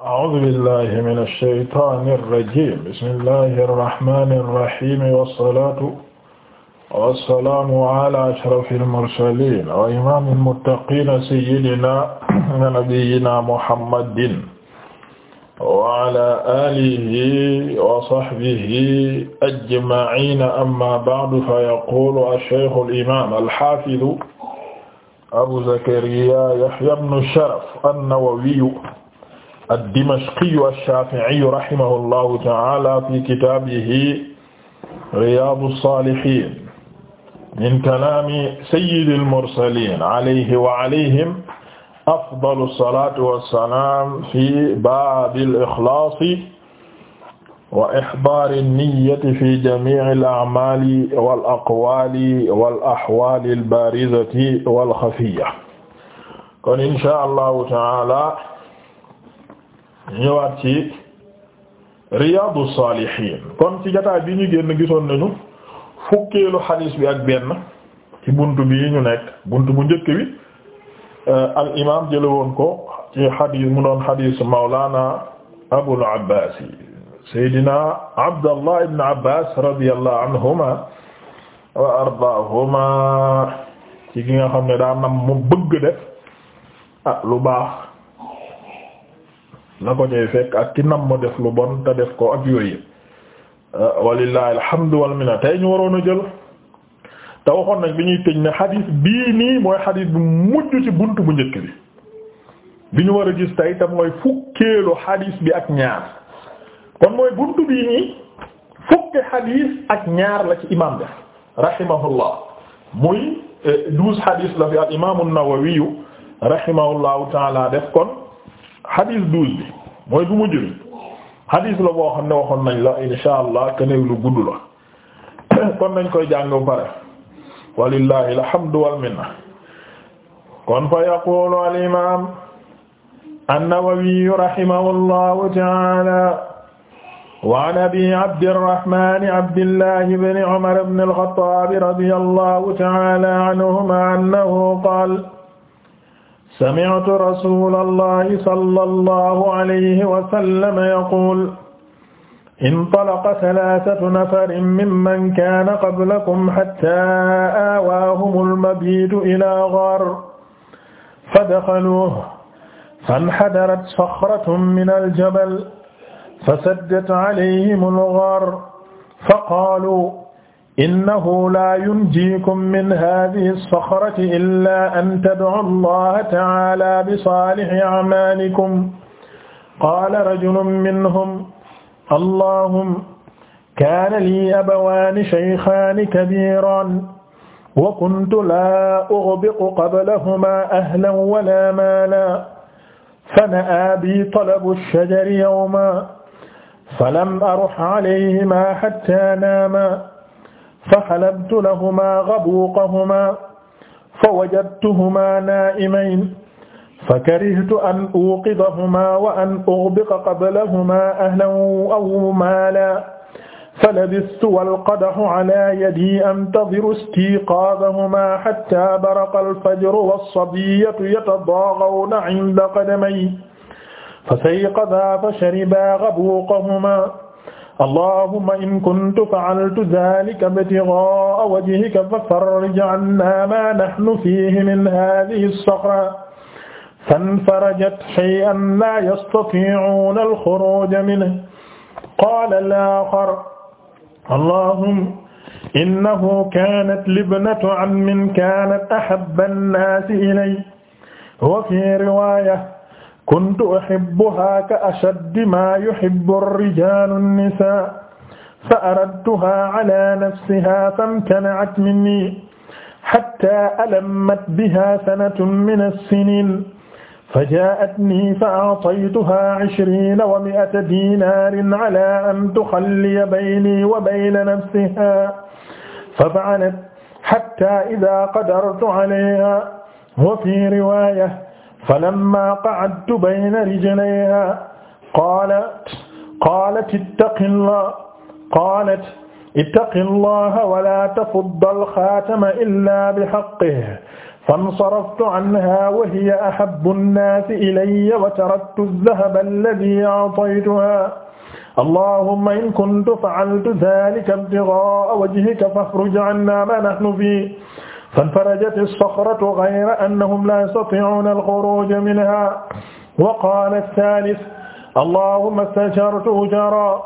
أعوذ بالله من الشيطان الرجيم بسم الله الرحمن الرحيم والصلاة والسلام على أشرف المرسلين وإمام المتقين سيدنا ونبينا محمد وعلى آله وصحبه أجمعين أما بعد فيقول الشيخ الإمام الحافظ أبو زكريا يحيى بن شرف النووي ad-Dimashqiyu ash-Shaafi'iyu rahimahullahu ta'aala fi kitaabihi Riyaadu s-Saalihiin min kalaami sayyidil mursaliin alayhi wa alayhim afdalu s-salaatu wa s-salaam fi baabil ikhlaasi wa ihdaari n-niyyati fi jamii'il a'maali wal aqwaali wal ahwaali l-baarizati wal xafiyya kon inshaa Allahu ta'aala ñëwaat ci Riyadu Salihin kon ci jotaay bi ñu génn gisoon nañu fukkeelu xadiis bi ak benn ci buntu bi ñu nekk bunt bu njëkk bi euh, al jële woon ko ci xadiis mu doon xadiis Mawlana Abul Abbaas Seydina Abdallah ibn Abbaas radiyallahu anhuma wa ardaahuma ci gi nga xam ne daa nam mu bëgg def ah, lu baax la ko ñëw fekk ak ki nam ma def lu bon te def ko ak yooyu ah, walillahi alhamdu wal minna tey ñu waroon a jël te waxoon nañ bi ñuy tëj ne xadis bii nii mooy xadis bu mujj ci bunt bu njëkk bi bi ñu war a gis tey te mooy fukkeelu xadis bi ak ñaar kon mooy bunt bii nii fukki xadis ak ñaar la ci imam def rahimahullah muy eh, douze xadis la fi al imaamu Nawawi rahimahullahu taala def kon xadiis douze bi mooy bu mujj bi xadiis la boo xam ne waxoon nañ la insha allah que lu gudd la kon nañ koy jàng bu pare walillahi alhamdu wal minna kon fa yaqulu al imam an-Nawawi rahimahullahu ta'ala waan abi abdirrahman abdillah ibn Umar ibn al-Khattab radiyallahu ta'ala anhuma annahu qaala sami'tu rasulallahi sallallahu alayhi wa sallam yaqul intalaqa thalathatu nafarin mimman kana qablakum hatta awaahumul mabitu ila ghar fadakhaluhu fanhadarat sakhratun minal jabal fasaddat alayhimul ghar faqalu innahu la yunjiikum min haadihi as-saxrati illaa an tad'uu allaha ta'aalaa bisaalihi a'maalikum qaala rajulun minhum allahumma kaana lii abawaani shaykhaani kabiiraan wa kuntu laa ughbiqu qablahumaa ahlan walaa maalan fana'aa bii talabu ash-shajari yawman falam aruh alayhimaa hattaa naamaa fa halabtu lahumaa ghabuuqahumaa fa wajadtuhumaa naa'imayni fa karihtu an uuqidahumaa wa an ughbiqa qablahumaa ahlan aw maalan falabistu walqadahu alaa yadii antadhiru istiiqaadahumaa hattaa baraqa alfajru wassabiyyatu yatadaagawna inda qadamayya fasayqadaa fasharibaa ghabuuqahumaa allahumma in kuntu fa'altu dhalika ibtigha'a wajhika fafarrij 'anna ma nahnu fihi min hadhihi as-sakhra fanfarajat shay'an la yastati'una al-khuruj minhu qala al-akhar allahumma innahu kanat libnatu 'ammin kanat ahabba an-nas ilayya wa fi riwaya kuntu uhibbuha ka ashaddi ma yuhibbu ar-rijalu an-nisaa fa aradtuha ala nafsiha famtana'at minni hatta alammat biha sanatun min as-sinin فجاءتني فأعطيتها عشرين ومئة دينار على أن تخلي بيني وبين نفسها ففعلت حتى إذا قدرت عليها وفي رواية falammaa qa'adtu bayna rijlayhaa qaalat qaalat ittaqillaah qaalat ittaqillaah walaa tafuddal xaatama illaa bihaqqihi fansaraftu anhaa wa hiya ahabbu nnaasi ilayya wa taraktu ddahaba alladii a'taytuhaa allaahumma in kuntu fa'altu dhaalika ibtighaa'a wajhika fafruj 'annaa maa nahnu fiihi فانفرجت الصخرة غير أنهم لا يستطيعون الخروج منها وقال الثالث اللهم استأجرت أجرا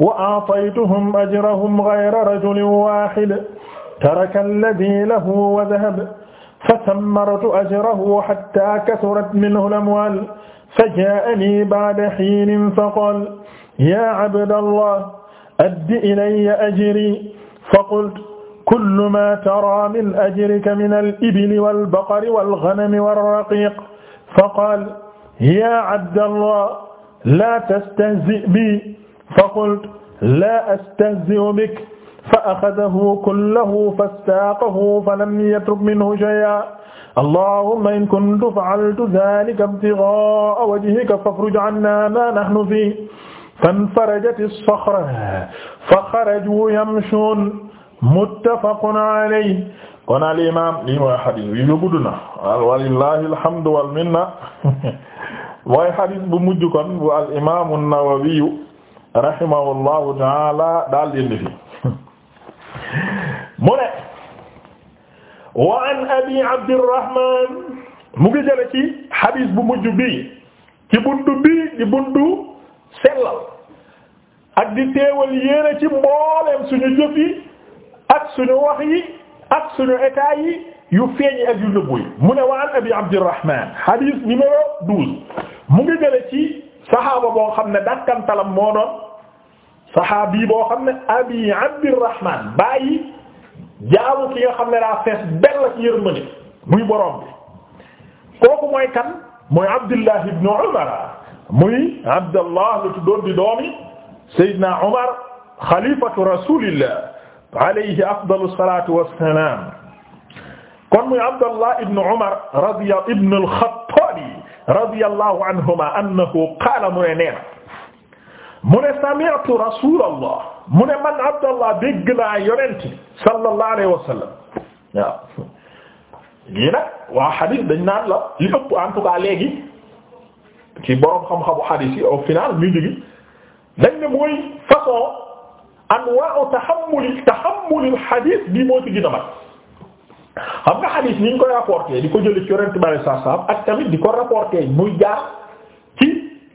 وأعطيتهم أجرهم غير رجل واحد ترك الذي له وذهب فثمرت أجره حتى كثرت منه الأموال فجاءني بعد حين فقال يا عبد الله أد إلي أجري فقلت kullu maa taraa min ajrika mina al-ibili wal-baqari wal-ghanami war-raqiiq faqaala yaa Abdallah laa tastahzi' bii faqultu laa astahzi'u bika fa-akhadahu kullahu fastaaqahu falam yatruk minhu shay'an allahumma in kuntu fa'altu dhaalika ibtighaa'a wajhika fafruj 'annaa maa nahnu fiihi fanfarajati as-saxratu fa-kharajuu yamshuun muttafaqun alayhi kon al imam lii mooy xadis bi lu gudd na walillahi alhamdu wal minna mooy xadis bu mujj kon al imam an-Nawawi rahimahullahu taala daal dindi fi mu wa an abi abdirrahman mu ngi jële ci bu mujj bi ci buntu bi di buntu sellal ak di teewal yéene ci mbooleem suñu ak suñu wax yu feeñ ak mu ne wa abi abdirahman hadith numéro mu ngi jële ci saxaaba boo xam ne dakkantalam saxaabi boo xam ne abi abdirahman bàyyi ki nga xam ne daa fees bell muy borom kooku mooy kan mooy abdullah ibn umar muy abdallah lu tuddoon di doomi sayyidina umar xalifatu rasulillah alayhi afdalu salaatu wassalaam kon muy Abdallah ibn Umar radiya ibn al-Khattab radiyallahu anhuma annahu qaala mu ne nee na mu ne sami'tu rasulallah mu ne man Abdallah dégg naa yonent sallallahu alayhi wa sallam waaw lii nag waa xadis dañ naan la li ëpp en tout cas léegi ci boroom xam-xamu xadis yi au final mu jógi dañ ne mooy façon anwaa'u tahammuli tahammulil hadith bi moo ci gën a xam nga hadith ni ñu koy rapporté di ko jëlee ci Yonent bi saa saam ak tamit di ko rapporté muy jaar ci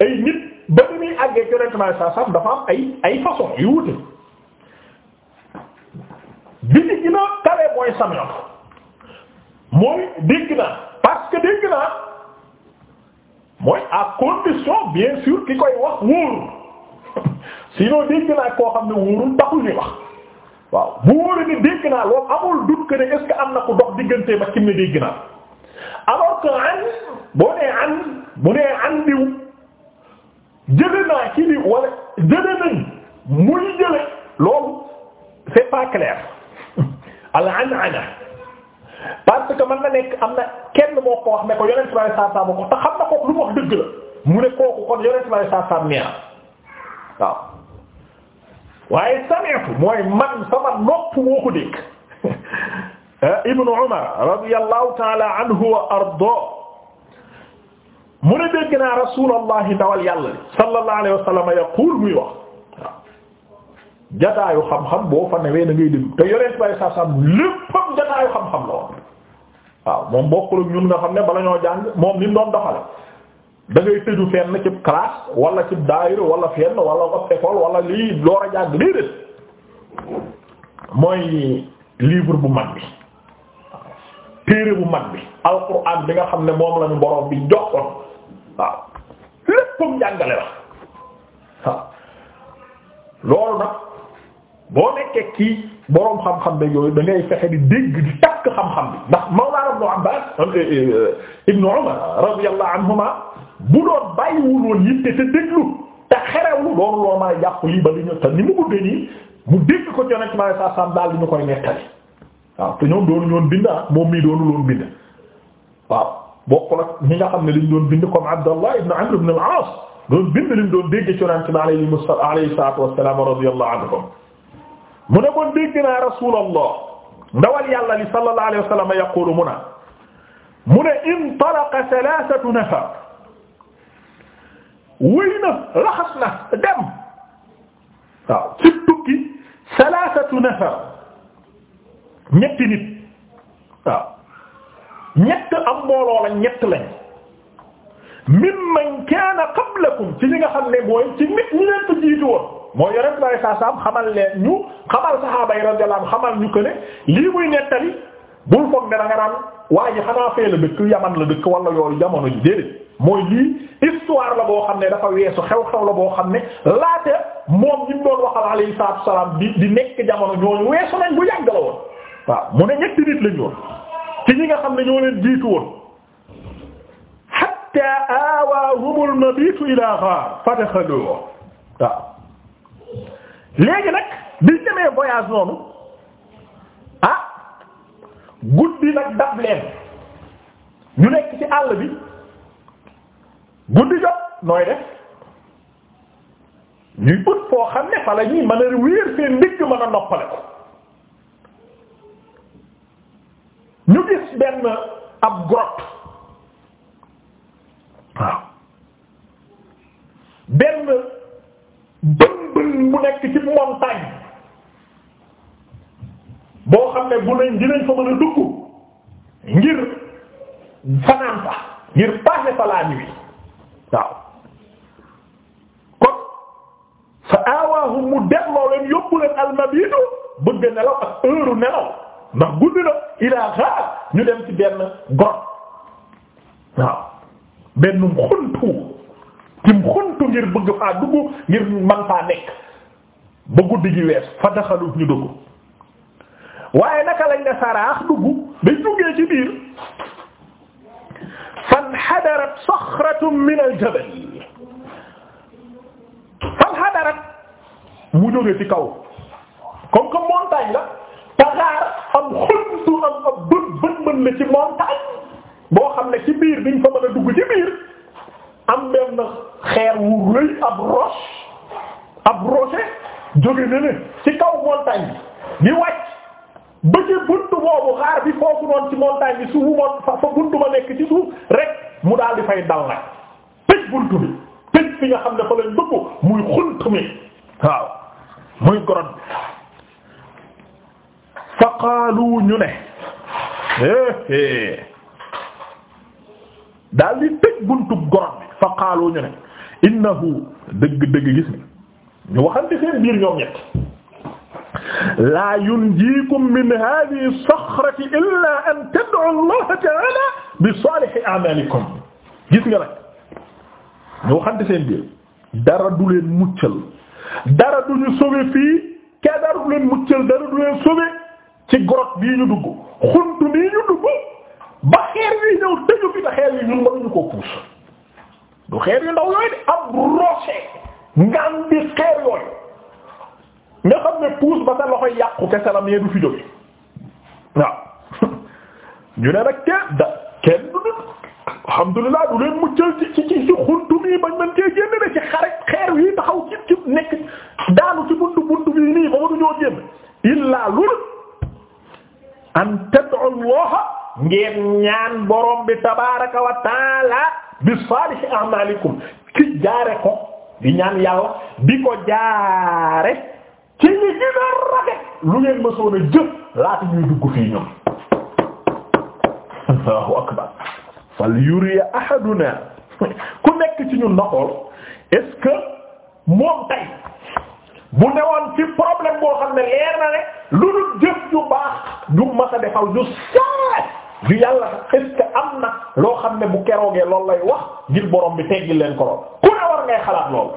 ay nit ba ni muy saa saam dafa ay ay façon yu wute bi ci gën a mooy sami'a mooy dégg naa parce que dégg naa mooy à condition bien sûr ki koy wax wóoru. sinon dégg naa koo xam ne wóorul taxul ñu wax waaw bu wóoree ni dégg naa loolu amul doute que ne est am na ku dox diggante ba kim ne dégg naa alors que an boo na nekk am na kenn boo ko wax ne ko yonent bi saa saa moo ko te xam na ko lu mu wax dëgg la mu ne kooku kon yonent bi saa saa neex waaye sami'tu mooy man sama nopp moo ko dégg ibnu umar radiyallahu ta'ala anhu wa arda mu ne dégg naa rasulallahi ndawal yàlla li sallallahu alayhi wa sallam yaqul muy wax waaw jataayu xam-xam boo fa newee da ngay dégg te yonent bay sa sam léppam jataayu xam-xam la woon waaw moom bokkul ak ñun nga xam ne bala ñoo jàng moom ni mu doon doxale da ngay tëju fenn ci classe wala ci daayira wala fenn wala ab école wala lii door a jàng déedéet mooy livre bu mag bi téere bu mag bi alquran bi nga xam ne moom lañu borom bi joxoon waaw léppam jàngale la waaw nag boo nekkee kii boroom xam-xam bi yooyu da ngay fexe di dégg di takk xam-xam bi ndax Mawlana Ibn Abbas eh, eh, eh, Ibn Umar radiyallahu anhuma bu doon bàyyiwul woon yitte te déglu te xerewlu loolu loo mën a jàpp lii ba ñu te ni mu guddee nii mu dégg ko ci Yonent bi sallallahu wa sallam daal di ñu koy nettali waaw te ñoom doonu ñoon bind ah, moom mii doonu loon bind waaw bokk nag ñi nga xam ne liñ doon bind comme Abdallah ibn Amr ibn al-As doon bind liñ doon dégg ci Yonent bi alayhi salaatu wa salaam radiyallahu anhum mu ne kon dégg naa Rasulullah yàlla li sallallahu alayhi wa sallam yaqulu mu ne intalaqa thalathatu nafar wéy na laxas na dem waaw ci tukki salaasatu nafar ñetti nit waaw ñett am mbooloo la ñett lañ mimman kaana qablakum ci li nga xam ne mooy ci nit ñi leen fa jiitu woon mooy yore bi saa saam xamal leen ñu xamal saxaaba yi radiyallahu xamal ñu ko ne lii muy nettali bul foog ne da nga naan ji xanaa fee la dëkk yaman la dëkk wala yooyu jamono ji déedéet mooy lii histoire la boo xam ne dafa weesu xew-xew la boo xam ne laata moom ñi mu doon waxal alayhi salaatu salaam di di nekk jamono ñoo weesu nañ bu yàgg la woon waaw mu ne ñetti nit lañu ci ñi nga xam ne ñoo leen jiitu woon hatta aawaahumul mabiitu ilaa ghaar fadaxaluuhu waaw léegi nag bi demee voyage ah, ñu nekk ci àll bi. guddi jot nooy def ñuy ut foo xam ne fa la mën a wéer seen ndigg mën a noppale ko ñu gis benn ab grotte waaw benn bën bën bu nekk ci montagne boo xam ne bu nañ dinañ fa mën a dugg ngir fanaan fa ngir passer fa la waaw kon fa awaahum mu delloo leen yóbbu leen almabidu bëgg nelaw ak heure nelaw ndax guddi na ilaa xaar ñu dem ci benn grotte waaw benn xuntu tim xuntu ngir bëgg faa dugg ngir man faa nekk ba guddi gi wees fa daxalu ñu dugg waaye naka lañ ne saraax dugg day duggee ci biir fanhadarat saxratun min al-jabal fanhadarat mu jóge ci kaw comme que montagne la taxaar am xuntu am ab bët bët bën la ci montagne boo xam ne ci biir biñ fa mën a dugg ci biir am benn xeer wu rëy ab roche ab roche jóge na ne ci kaw montagne bi di wàcc ba ci buntu boobu xaar bi foofu noonu ci montagne bi suufu moom fa buntu ba nekk ci suuf rek mu daal di fay dal nag tëj buntu bi tëj fi nga xam ne fa lañ dugg muy xunt mi waaw muy grotte fa qaalu ñu ne éé eh, eh. daal di tëj buntu bi fa qaalu ñu ne innahu dëgg dëgg gis ni ñu waxante seen biir ñoom ñett laa yunjiikum min haadihi saxrati illaa an tad'u allaha ta'aala bi saalihi a'maalikum gis nga nag ñu waxante seen biir dara du leen muccal dara du ñu sauver fii ke dara du leen muccal dara du leen sauver ci grotte bii ñu dugg xuntu nii ñu dugg ba xeer yi ñëw tëju fi ba xeer yi ñun mënuñu ko puus du xeer yu ndaw yooyu de ab rocher ngam bi xeer yooyu nga xam ne puus ba sa loxo yàqu kese la mais du fi jóge waaw ñu ne rek da kenn du dul alhamdulilah du leen muccal ci ci ci xuntu mi bañ man cee génn ne ci xare xeer yi taxaw ci ci nekk daanu ci buntu buntu bi nii ba ma du ñoo génn illaa lul an tad'u Allah ngeen ñaan borom bi tabaaraka wa taala bi saalihi a'maalikum ci jaare ko di ñaan yàlla di ko jaare ci ñi gën a rafet lu ngeen mësoon a jëf laata ñuy dugg fii ñoom Allahu akbar fal yuriya ahaduna ku nekk ci ñun na xool est-ce que moom tay bu newoon ci problème boo xam ne leer na ne lu dul jëf ju baax ju masa defal ju saay yàlla est am na loo xam ne bu keroogee loolu lay wax ngir borom bi teggil leen ko ku ne war ngay xalaat lool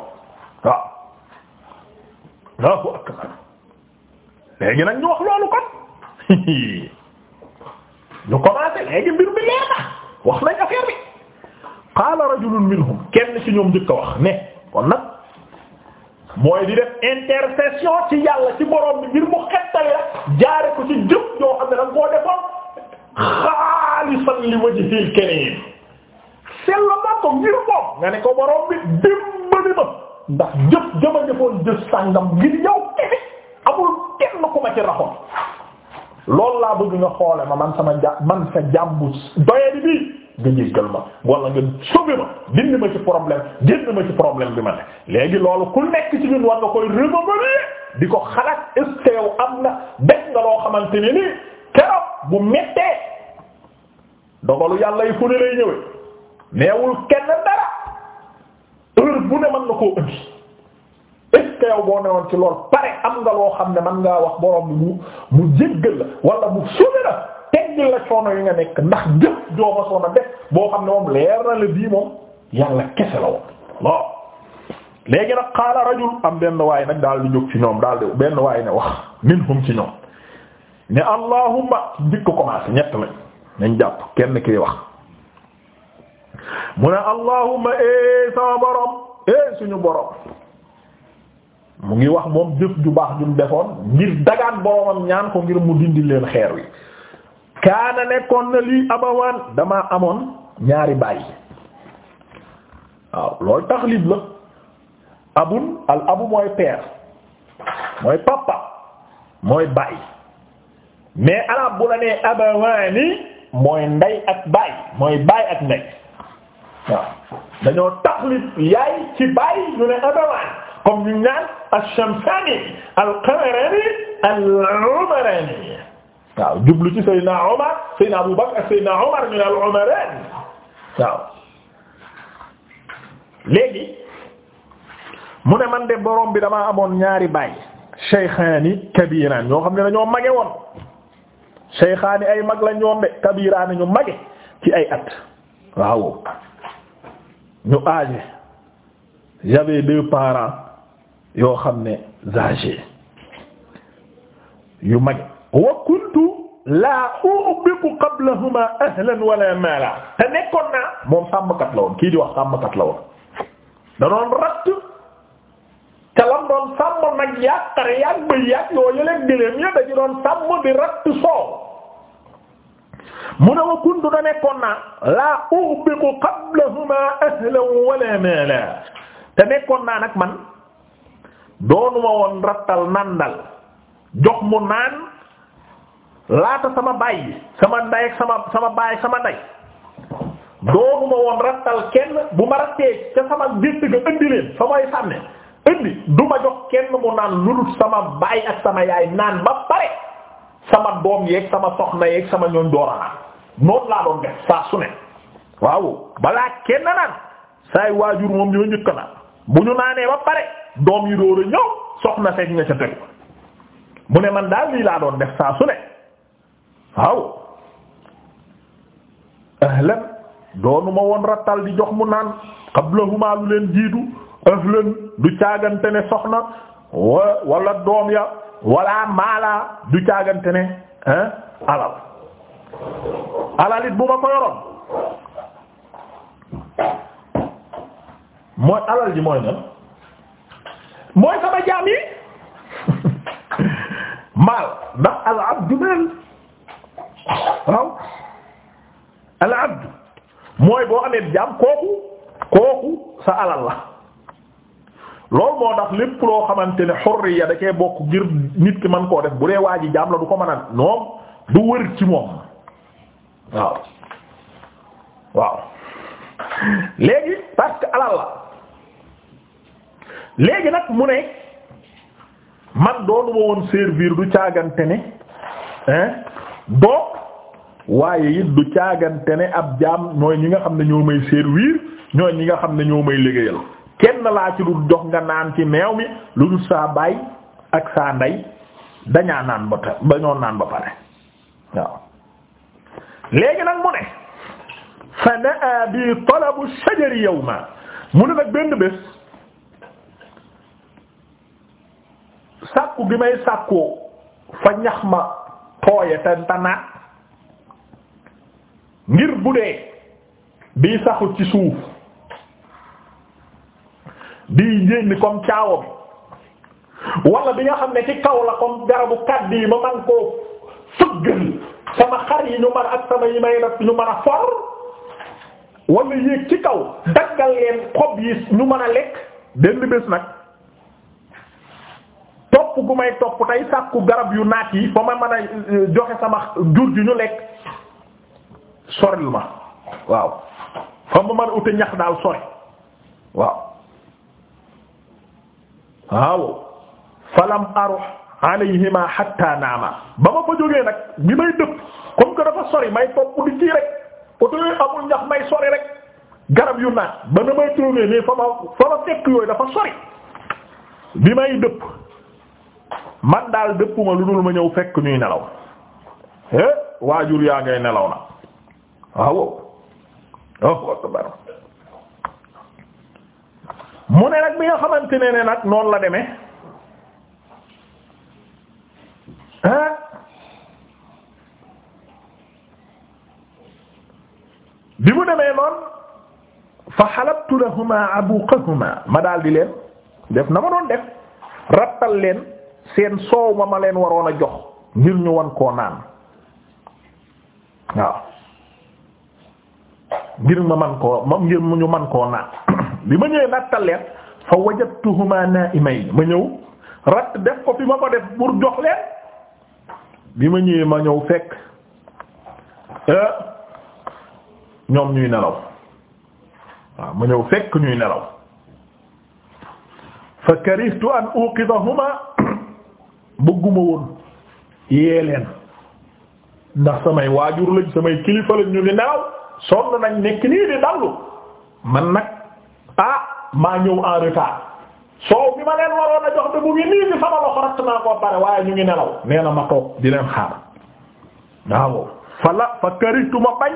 Allahu akbar léegi nag ñu wax loolu kon ñu commencé léegi mbir mi leer wax nañ affaire bi qaala minhum kenn ci ñoom njëkk wax ne kon nag mooy di def intercession ci yàlla ci borom bi ngir mu xettali jaare ko ci jëf yoo xam ne danga koo defoon xaalisan li wajhil karim sell ma ko ngir moom nga ko borom bi dimbali ndax jëf jëma jëfoon jëf sàngam ngir yow kese amul kenn ku ma ci raxoon loolu laa bëgg nga xoole ma man sama ja man sa jàmbu doye bii nga jéggal ma wala nga sauver ma dindi ma ci problème génn ma ci problème bi ma ne léegi loolu ku nekk ci ñun war nga koy remémorer di ko xalaat est am na def nga loo xamante ne nii keroog bu mettee dogalu yàlla yi fu ne lay ñëwee neewul kenn dara bërëb bu ne mën na ko indi est-ce que yow boo ci lool pare am nga loo xam ne mën ngaa wax borom bi mu mu la wala mu subi la teggil la coono yi nga nekk ndax jëf joo soon a def boo xam ne moom leer na la bii moom yàlla kese la woon bon léegi nag xaala rajul am benn waay nag daal di jóg ci ñoom daal di benn waay ne wax minhum ci ñoom ne allahumma njëkk commencé ñett lañ nañ jàpp kenn ki wax mu ne allahumma ee eh sama eh suñu borom mu ngi wax moom jëf ju baax ju mu defoon ngir dagaan boromam ñaan ko ngir mu dindi leen xeer wi kaana nekkoon na lii abawaan damaa amoon ñaari bàyyi waaw loolu taxlib la abun al abu mooy père mooy papa mooy bàyyi mais arab bu la nee abawaani mooy ndey ak bàyyi mooy bàyyi ak ndey waaw dañoo taxlit yaay ci bàyyi ñu ne abawaan comme ñu ñaan ash-Shamsani al-Qamarani al-Umarani waaw jublu ci Seydina Omar Abu Bakr ak Seydina Omar ñu al-Umarani waaw léegi mu ne man de borom bi damaa amoon ñaari baay shaykhaani kabiraan ñoo xam ne dañoo mage woon shaykhaani ay mag la ñoom de kabiraan ñu mage ci ay at waaw ñu âgé j'avais deux parents yoo xam ne âgé yu mag wa kuntu laa ubiqu qablahuma ahlan wala maala te nekkoon moom sàmmkat la woon kii di wax sàmmkat la woon da doon ratt doon sàmm nag yàq xar yàq bëy yàq yoo yëleeg gëléem ya dañu doon sàmm di ratt soow mu ne wa kuntu da nekkoon naa laa uxbiqu qablahuma ahlan wala maala te naa nag man doonuma woon rattal nandal jox mu naan laata sama baay sama nday sama baay sama nday doonuma woon rattal kenn bu kenn mu naan sama baay ak sama yaay naan ba pare sama doom yeeg sama soxna yeeg sama ñoon dooranaan noonu laa doon def saa su ne waaw balaa kenn naan saay waajur moom ñoo njëkk naan bu ñu naanee ba pare doom yi door a ñëw soxna fekk nga ca tegu mu ne man daal lii laa doon def saa su ne waaw ahlan doonuma woon rattal di jox mu naan qablahuma lu leen jiitu ahlan du caagante ne soxna wa wala doom ya wala maala du caagante ne alal alalit bu ma ko yoroon mooy alal ji mooy nan mooy sama jaam yi maal ndax al abdu maal waaw al abdu mooy boo amee jaam kooku kooku sa alal la loolu moo tax lépp loo xamante ne xurriya da cee bokk ngir nit ki man koo def bu dee waa ji jaam la du ko mën a noom bu wër ci moom waaw waaw léegi parce alal la léegi nag mu ne man doonuma woon servir du caagante ni hein doo waaye it du caagante ne ab jaam ñooy ñi nga xam ne ñoo may servir ñooy ñi nga xam ne ñoo may liggéeyal kenn laa ci dul jox nga naan ci meew mi lu dul saa baay ak saa ndey dañaa naan ba ta- dañoo naan ba pare waaw léegi nag mu ne fa naa bi talabu shajari mu ne nag benn bés sàkku gi may sàkkoo fa ñax ma tooye te ntanaat ngir bu dee bii saxu ci suuf bii jénn comme caawa bi bi nga xam ne ci kaw la comme garabu kàdd ma man koo fëggal sama xar yi ñu mën ak sama yi may nag ñu mën a for wala yéeg ci kaw daggal leen xob yi ñu mën a lekk benn bés nag topp gu may topp tey sàkku garab yu naat yi fa ma mën a euh, joxe sama jur ju ñu lekk soril ma waaw fa ma mën a uti ñax daal sori waaw waaw falam aru alayhima hatta naama ba ma fa jógee nag bi may dëpp comme que dafa sori may topp di kii rek oto yooyu amul ñax may sori rek garab yu naat ba na may trouvé nii fa ma fa ma fekk yooyu dafa sori bi may dëpp man daal dëppuma lu dul ma ñëw fekk ñuy nelaw hé eh, waajur yaa ngay nelaw na mu ne nag bi nga xamante ne ne nag noonu la demee bi mu demee noonu fa xalabtu lahuma abuqahuma ma daal di leen def na ma doon def rattal leen seen soow ma ma leen waroon a jox ngir ñu wan koo naan waaw ngir ma man koo ma ngir ñu man koo naan bi ma ñëwee rattal leen fa wajadtuhuma na'imayn ma ñëw ratt def ko fi ma ko def pour jox leen bi ma ñëwee ma ñëw fekk eh, ñoom ñuy nelaw waaw ma ñëw fekk ñuy nelaw fa karihtu an uqidahuma bëgguma woon yee leen ndax samay waajur lañ samay kilifa lañ ñu ni nelaw sonn nañ nekk nii di dallu man nag ah maa ñëw en retard soo bi ma leen waroon a jox de bu ngi nii bi sama loxo ratt naa koo pare waaye ñu ngi nelaw nee na ma toog di leen xaar waaw fa la fa karihtu ma bañ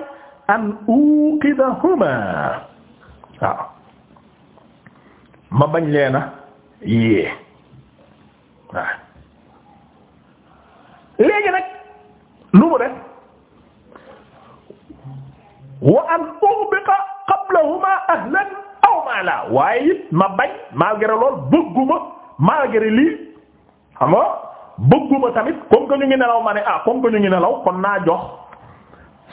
an uqidahuma ma bañ leena yée waaw léegi nag lu mu def wa an taala waaye it ma bañ malgré lool bëgguma malgré lii xam nga bëgguma tamit comme que ñu ngi nelaw ma ne ah comme que ñu ngi nelaw kon naa jox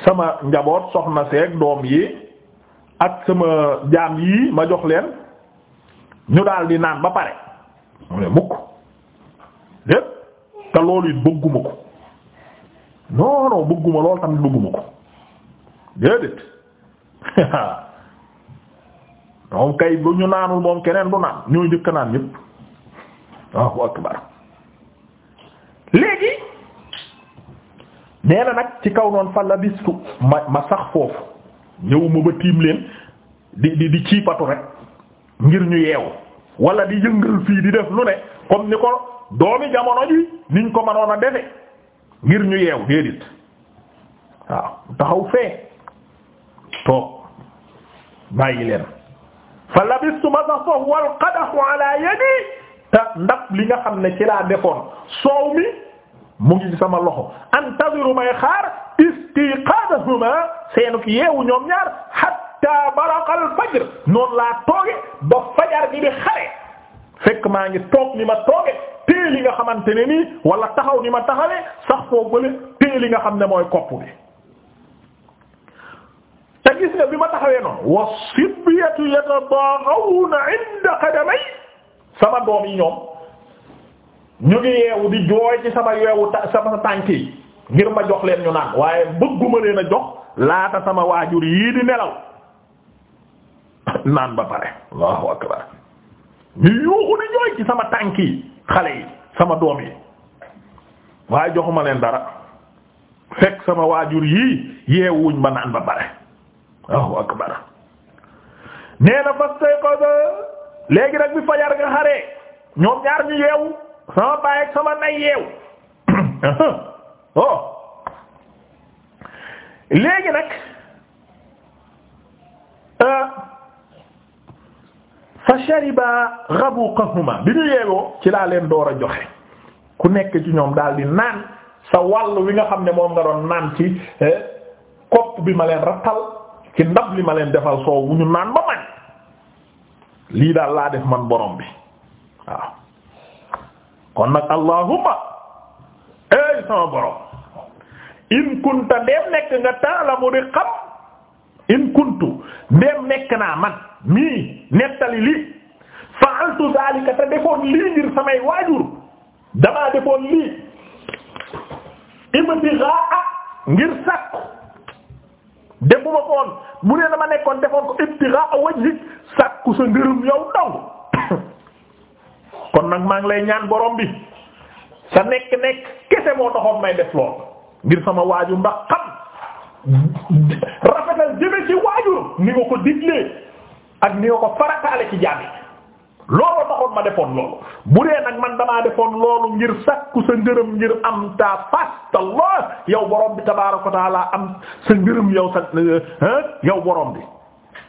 sama njaboot soxna seeg doom yi ak sama jaam yii ma jox leen ñu daal di naan ba pare mu ne mukk lépp te loolu it bëgguma ko non non bëgguma loolu tamit bëgguma ko déedéet ñoom kay bu ñu naanul moom keneen bu naan ñoo njëkk naan ñépp waaw akbar léegi nee nag ci kaw noonu fa labistu ma ma sax foofu ñëwuma ba tiim leen di di di ciipatu rek ngir ñu yeewu wala di yëngal fii di def lu ne comme ni ko doomi jamono ji niñ ko mënoon a defe ngir ñu yeew déedéet waaw taxaw fee toog bàyyi leen fa labistu ma sax foofu wal qadahu ala yadi te ndax li nga xam ne ci laa defoon soow mi mu ngi ci sama loxo antaziru may xaar istiqaadahuma seenu ki yeewu ñoom ñaar hatta baraqa al fajr noonu laa tooge ba fajar gi di xare fekk maa ngi toog ni ma tooge tée li nga xamante ne nii wala taxaw ni ma taxawee sax foo bële tée li nga xam ne mooy kopp bi te gis nga bi ma taxawee noonu wa sibyatu yatadaghawna inda qadamay sama doom yi ñoom ñu ngi yeewu di jooy ci sama yeewu sama tànk yi ngir ma jox leen ñu naan waaye bëgguma leen a jox laata sama waajur yii di nelaw naan ba pare allahu yuuxu di jooy ci sama tànk yi xale yi sama doom yi waaye joxuma leen dara fekk sama waajur yii yeewuñ ma naan ba pare Allahu akbar nee na fastayqada léegi nag bi fajar nga xaree ñoom ñaar ñu yeewu sama baay ak sama nay yeewu oh. léegi nag euh, fa shariba ghabuqahuma bi ñu yeewoo ci laa leen door a joxe ku nekk ci ñoom daal di naan sa wàll wi nga xam ne moom nga doon naan ci eh, kopp bi ma leen rattal ci ndab li ma leen defal soow bu ñu naan ba man lii daal laa def man borom bi waaw kon nag allahumma eey sama borom in kunta ndeem nekk nga taalamu di xam in kuntu ndeem nekk naa man mii nettali lii fa'altu zalika te defoon lii ngir samay waajur damaa defoon lii ibtigha'a ngir sakku defuma ko woon bu dee dama nekkoon defoon ko ibtigha wajhik sàkku sa ngërëm yow daw kon nag maa ngi lay ñaan borom bi sa nekk nekk kese moo taxoon may def lool ngir sama waaju ndax xam rafetal jëme ci waajur ni nga ko diglee ak ni nga ko farataale ci jàmm loolu taxoon ma defoon loolu bu dee nag man damaa defoon loolu ngir sakku sa ngërëm ngir am ta fastallah yow borom bi tabaaraka wa am sa ngërëm yow sa eh, eh, yow boroom bi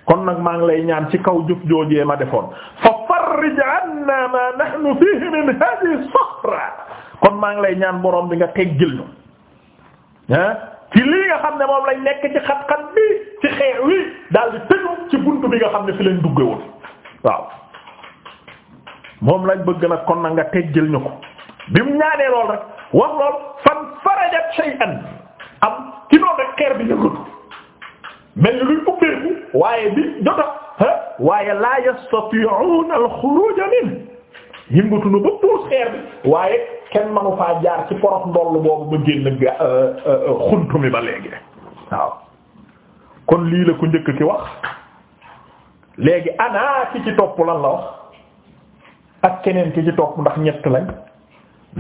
kon nag maa ngi lay ñaan ci kaw jëf joojee ma defoon fa farrij anna ma nahnu fihi min hadhihi sahra kon maa ngi lay ñaan boroom bi nga teggil ñu ah ci lii nga xam ne moom lañ nekk ci xat-xat bi ci xeex wi di tëju ci buntu bi nga xam ne fi lañ dugge woon waaw moom lañ bëgg na kon na nga teggil ñu ko bi mu ñaanee lool rek wax lool fan farajat shay'an am ci noonu rek xeer bi yëngatu mel ni luy ubbeeku waaye bi jota waaye la yastati'una al-khuruj min ba puus xeer bi waaye kenn manu faa jaar ci porof ndoll boobu ba génn ga euh, euh, mi ba léegi waaw kon lii la ko njëkk ki wax léegi ana ci ci topp lan la wax ak keneen ki ci topp ndax ñett lañ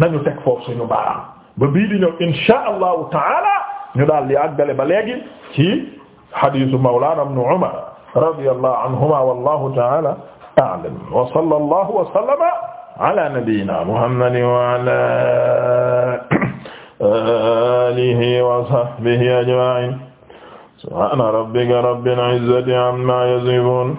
nañu teg foofu suñu baaraam ba bii di ñëw insha allahu taala ñu daal di àggale ba léegi ci hadiisu mawlaana ibnu umar radiyallahu anhuma wallahu taala a'lam wa sallallahu wa sallama ala nabiyyina muhammadin wa ala alihi wa sahbihi ajma'in subhana rabbika rabbil izzati amma yasifun